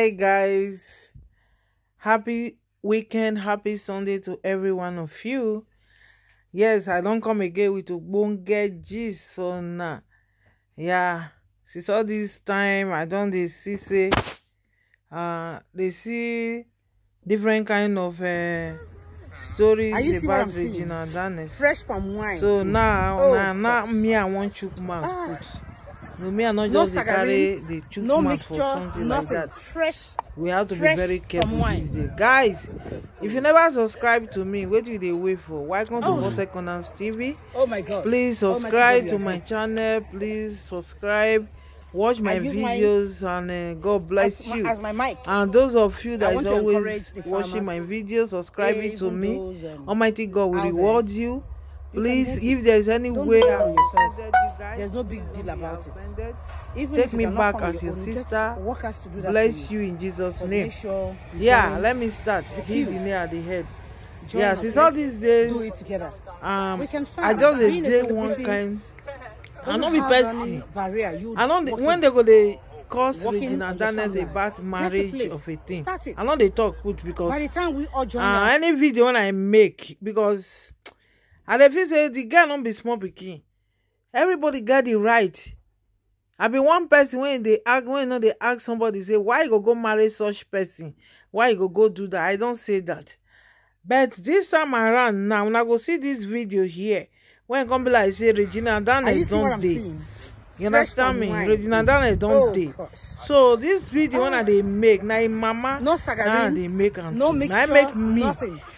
Hey guys, happy weekend, happy Sunday to every one of you. Yes, I don't come again with ogbonge gist for now. Yeah, since all this time, I don't dey see say uh they see different kind of uh, stories about Regina Danes. Fresh palm wine. So now, oh, now, now me I wan to mouth ah. put. Ah. No, me are not no just carry the chukma no mixture, for something nothing. like that. Fresh. We have to fresh be very careful these days. Guys, if you never subscribe to me, what do they wait for? Welcome oh. to Boss Economics TV. Oh my God. Please subscribe oh God, to my channel. Please subscribe. Watch my videos my, and uh, God bless as, you. As my mic. And those of you that is always watching my videos, subscribing to me, Almighty God will reward you please if there's any Don't way i'm offended guys there's no big deal about it Even take me back as your, your sister work has to do that bless you in jesus name sure yeah let me start give the nail the head Join yeah since all these days do it together um we can i just the day one kind i no be person i know dey when they go dey cause regina danes bad marriage of a thing i know they talk good because by the time we all join uh, any video wey i make because i dey feel say the girl don't be small pikin everybody get the right i be one person wey e no dey ask somebody say why you go go marry such person why you go go do that i don say that but this time around now una go see this video here wen come be like say regina dan don dey you understand me regina darling don dey so dis video wey i dey make na im mama na im dey make am too na im make me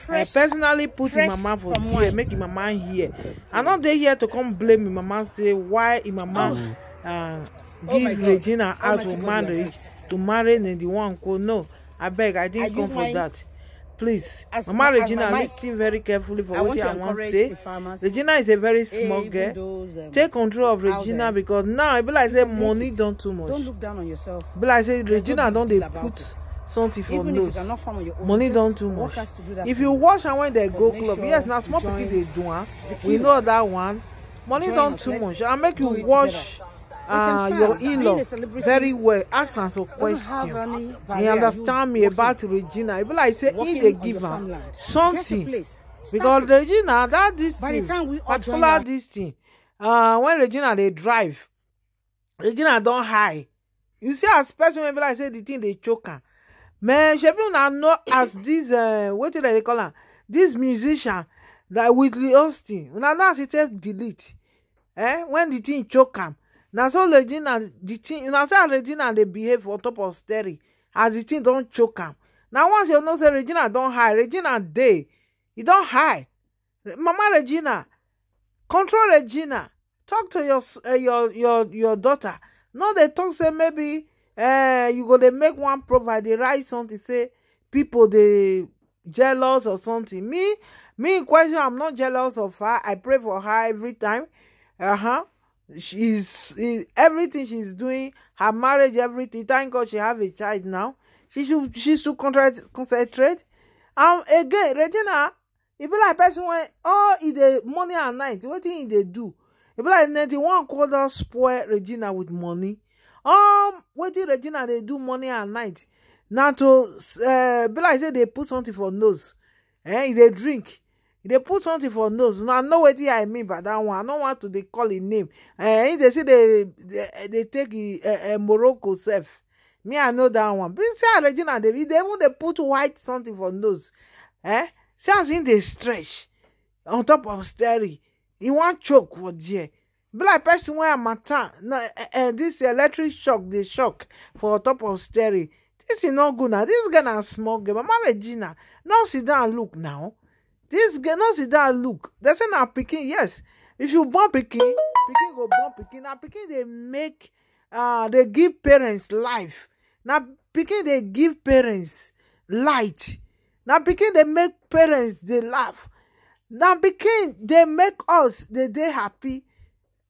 i personally put im mama for here make im mama hear i no dey here to come blame im mama say why im mama oh. Uh, oh give regina oh out to marriage to marry nedi nwankwo no abeg i didn't come for dat please as, mama regina listen very carefully for wetin i to say regina is a very small girl those, um, take control of regina them. because now e be like say money don't too much don't look down on yourself be like say There's regina don't they put it. something for nose money don't too much do if you wash and when they go club sure yes now small people they do am we know that one money don't too much and make you wash uh, your in-law very well ask am some question he understand me about regina e be like say in the giver something because regina that this thing particular this thing uh, when regina they drive regina don't high you see as person wey be like say the thing they choke am man shebi una know as this uh, wetin dem dey call am this musician that with Whitney Houston una know as e take delete eh when the thing choke am Now, so regina di thing una say regina they behave on top of steady as di thing don choke him. Now, once you know say regina don't high regina day, you e don't high mama regina control regina talk to your eh, your your your daughter no they talk say maybe uh, you go dey make one provide dey write something say people they jealous or something me me question i'm not jealous of her i pray for her every time uh-huh she's is, everything she's doing her marriage everything thank god she have a child now she should she should concentrate um again regina e be like person wey all e dey morning and night wetin e dey do e be like ninety-one quarter spoil regina with money um what wetin regina they do morning and night Now to uh, be like say they put something for nose eh they drink e dey put something for nose and i know wetin i mean by dat one i no want to dey call e name eh e dey say dey eh, take e morocco sef me i know dat one but see her regina dey even dey put white something for nose eh see as him dey stretch on top of steering he wan choke for there be like person wey harmattan this electric shock dey shock for top of steering This e no good na This girl na small girl mama regina no sit down look now This girl no see dat look dem say na pikin yes if you born pikin pikin go born pikin na pikin dey make uh, dey give parents life na pikin dey give parents light na pikin dey make parents dey laugh na pikin dey make us dey dey happy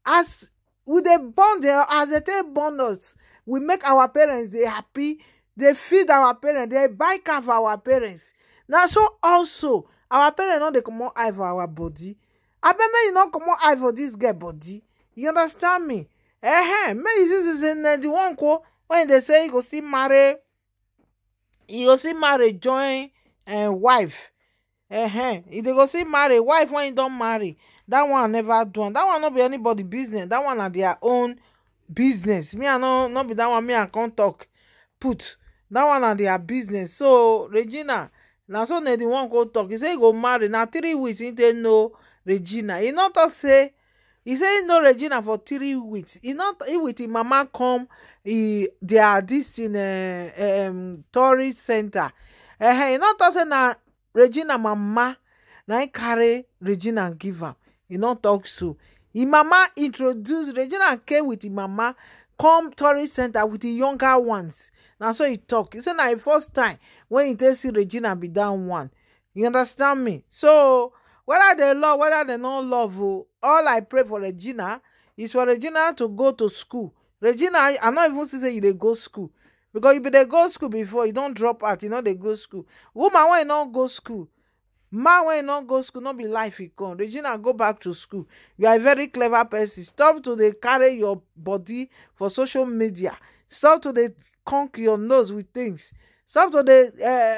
as we dey born as dem take born us we make our parents dey happy dey feed our parents dey buy car for our parents na so also our parents no dey comot eye for our body abeg make you no comot eye for dis girl body you understand me eh make you see say na the one wen when dey say you go still marry you go still marry join eh, wife eh e dey go still marry wife when you don marry dat one never do am dat one no be anybody business dat one na their own business me i no be dat one me i come talk put dat one na their business so regina na so na di one go talk. He say he go marry na three weeks he take know regina He no talk say He say he know regina for three weeks He He with im mama come He e dia dis in um, tourist center. eh e no tok say na regina mama na he carry regina give am He no talk so im mama introduce regina came with im mama come tourist center with the younger ones Now so he talk. He said na first time when he tells see regina be down one you understand me so whether they love whether dem not love oh, all i pray for regina is for regina to go to school regina i no even see say you dey go school because you be dey go school before you don't drop out you know dey go school woman wey not go school man wey not go school Not be life You come regina go back to school you are a very clever person stop to carry your body for social media stop to dey conk your nose with things stop to dey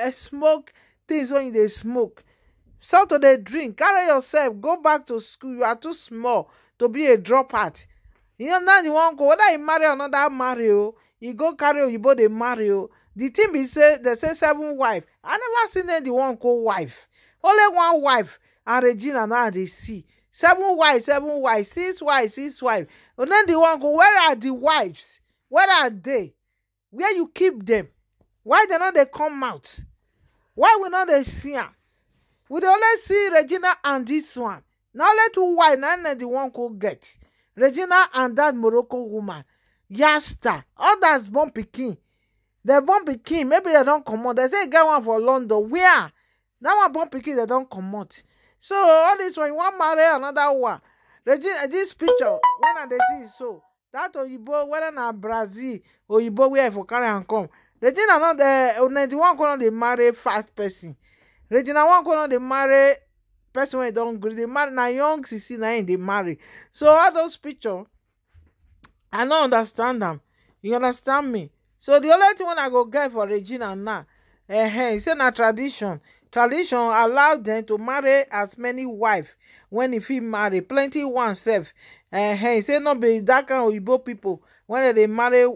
uh, smoke things when they smoke stop to dey drink carry yourself go back to school you are too small to be a dropout you know now you one go whether you marry or not that marry you go carry oyibo dey marry o the thing is say they say seven wife i never seen any the one called wife only one wife and regina now they see seven wife seven wife six wife six wife and then the one go where are the wives where are they where you keep them? why they no dey come out why we no dey see am we dey only see regina and this one na only two wife na na the one go get regina and that morocco woman yasta others born pikin dem born pikin maybe dem don comot dem say e get one for london Where that one born pikin dem don comot so all this one you wan marry another one regina this picture wey i dey see so That oyibo whether na brazil oyibo where for carry am come regina no eh, oh, dey ninety one kwe no marry five person regina one kwe no dey marry person don't gree dey marry na young sixteen na him marry so all those picture i don't understand them. you understand me so the only thing wey i go get for regina now eh say na tradition tradition allow them to marry as many wife when if he marry plenty one self. Uh, he say no be that kind of Igbo people when they, they marry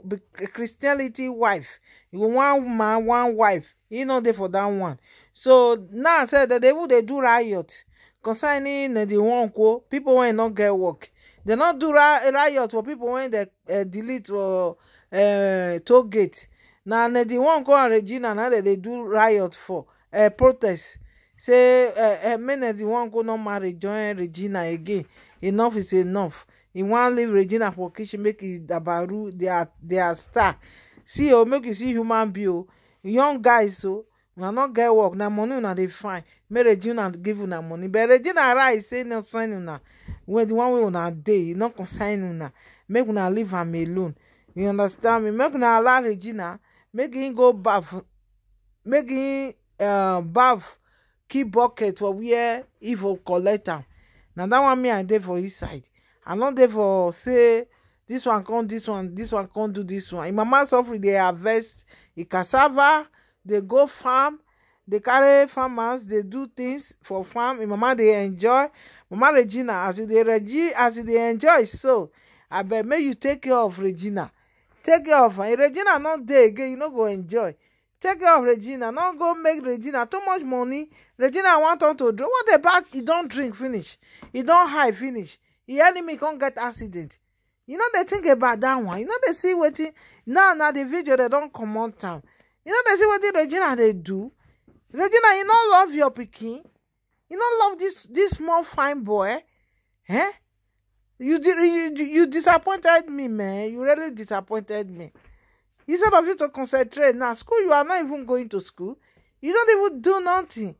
Christianity wife. One man, one wife. He no dey for that one. So now I said that they would they do riot concerning uh, the one go. people when not get work. They not do eh, riot for people when they uh, eh, delete or uh, toll gate. Now uh, the one go and Regina now that they do riot for uh, protest. Say uh, uh, men the one go not marry join Regina again. enough is enough e wan leave regina for kitchen make e dabaru dia star see o oh, make you see human be o oh. young guys o oh. una no get work na money una dey find make regina give una money but regina write say no sign una when the one wey una dey e no concern una make una leave am alone you understand me make una allow regina make him go baff make him uh, baff keep bucket for where evil collect am na that one me i dey for his side i no dey for say this one come this one this one come do this one im mama suffering dey harvest e cassava dey go farm dey carry farmers dey do things for farm im mama dey enjoy mama regina as you dey as you dey enjoy so abeg make you take care of regina take care of her regina no dey again you no go enjoy take care of regina no go make regina too much money regina want turn to drink what about he don drink finish He don high finish e enemy con get accident you no dey think about that one you no dey see wetin now na the video dem don comot am you no dey see wetin regina dey do regina you no love your pikin you no love this this small fine boy eh You you you disappointed me man you really disappointed me Instead of you to concentrate now, school, you are not even going to school. You don't even do nothing.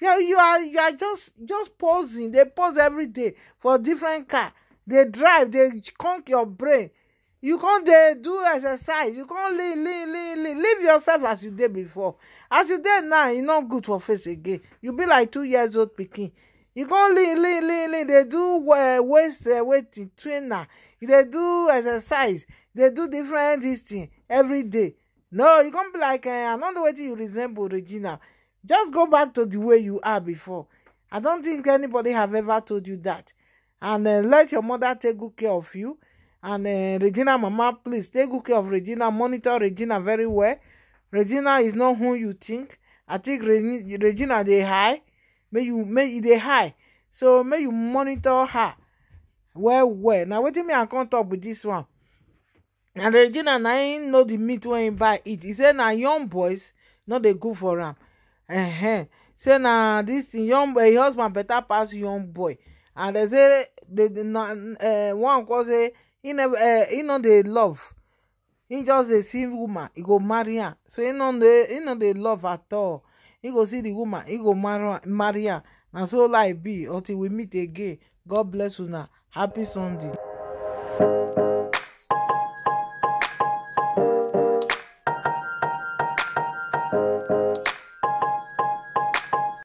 You are, you are, you are just, just pausing. They pause every day for different car. They drive, they conk your brain. You can't they do exercise. You can't leave, leave, leave, leave. Leave yourself as you did before. As you did now, you're not good for face again. You be like two years old picking. You can't leave, leave, leave, leave. They do uh, waist, uh, eh, weight trainer. They do exercise. They do different this thing. every day no you can't be like eh, i don't know what you resemble regina just go back to the way you are before i don't think anybody have ever told you that and uh, let your mother take good care of you and uh, regina mama please take good care of regina monitor regina very well regina is not who you think i think Re regina they high may you may they high so may you monitor her well well do you me i can't talk with this one na regina na im know the meat wey im buy eat e say na young boys no dey good for am -huh. say na dis thing young boy husband better pass young boy and dem say eh, one cause say e no dey love e just dey see woman e go marry am so e no dey love at all e go see the woman e go marry am na so life be until we meet again god bless una happy sunday